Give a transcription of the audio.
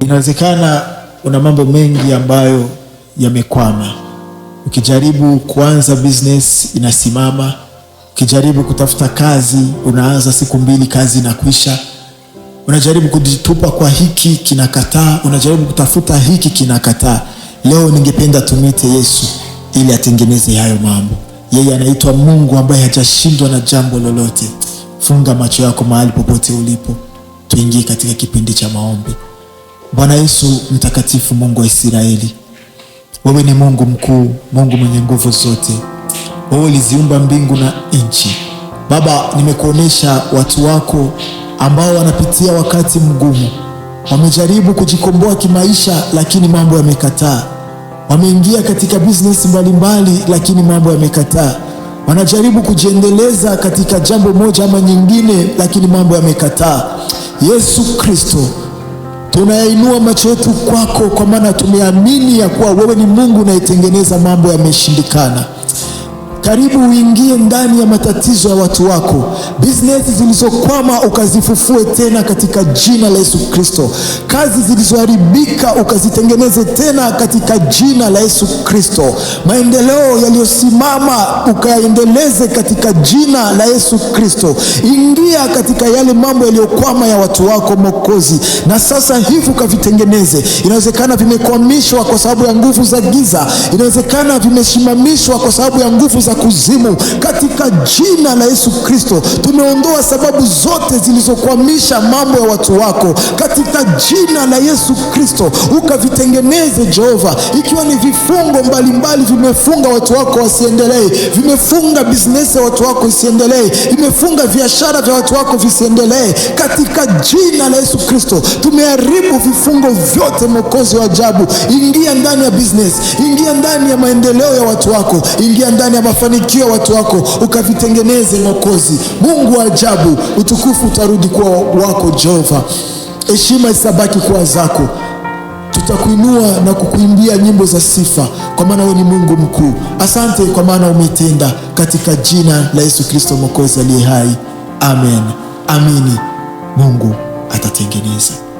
Inawezekana una mambo mengi ambayo yamekwama. Ukijaribu kuanza business inasimama, ukijaribu kutafuta kazi unaanza siku mbili kazi inakwisha, unajaribu kujitupa kwa hiki kinakataa, unajaribu kutafuta hiki kinakataa. Leo ningependa tumwite Yesu ili atengeneze hayo mambo. Yeye anaitwa Mungu ambaye hajashindwa na jambo lolote. Funga macho yako mahali popote ulipo, tuingie katika kipindi cha maombi. Bwana Yesu mtakatifu, Mungu wa Israeli, wewe ni Mungu mkuu, Mungu mwenye nguvu zote. Wewe uliziumba mbingu na nchi. Baba, nimekuonesha watu wako ambao wanapitia wakati mgumu, wamejaribu kujikomboa kimaisha, lakini mambo yamekataa. Wameingia katika business mbalimbali, lakini mambo yamekataa. Wanajaribu kujiendeleza katika jambo moja ama nyingine, lakini mambo yamekataa. Yesu Kristo Tunayainua macho yetu kwako, kwa maana tumeamini ya kuwa wewe ni Mungu unayetengeneza mambo yameshindikana. Karibu uingie ndani ya matatizo ya watu wako, bizinesi zilizokwama ukazifufue tena katika jina la Yesu Kristo, kazi zilizoharibika ukazitengeneze tena katika jina la Yesu Kristo, maendeleo yaliyosimama ukayaendeleze katika jina la Yesu Kristo. Ingia katika yale mambo yaliyokwama ya watu wako Mwokozi, na sasa hivi ukavitengeneze. Inawezekana vimekwamishwa kwa sababu ya nguvu za giza, inawezekana vimesimamishwa kwa sababu ya nguvu za kuzimu katika jina la Yesu Kristo. Tumeondoa sababu zote zilizokwamisha mambo ya watu wako katika jina la Yesu Kristo, ukavitengeneze Jehova, ikiwa ni vifungo mbalimbali vimefunga watu wako wasiendelee, vimefunga bizinesi ya watu wako isiendelee, vimefunga biashara vya watu wako visiendelee, katika jina la Yesu Kristo tumeharibu vifungo vyote. Mwokozi wa ajabu, ingia ndani ya business, ingia ndani ya maendeleo ya watu wako, ingia ndani ya mafanikio wafanikiwe watu wako, ukavitengeneze Mwokozi. Mungu wa ajabu, utukufu utarudi kwa wako Jehova, heshima isabaki kuwa zako. Tutakuinua na kukuimbia nyimbo za sifa, kwa maana wewe ni Mungu mkuu. Asante kwa maana umetenda, katika jina la Yesu Kristo Mwokozi aliye hai, amen. Amini Mungu atatengeneza.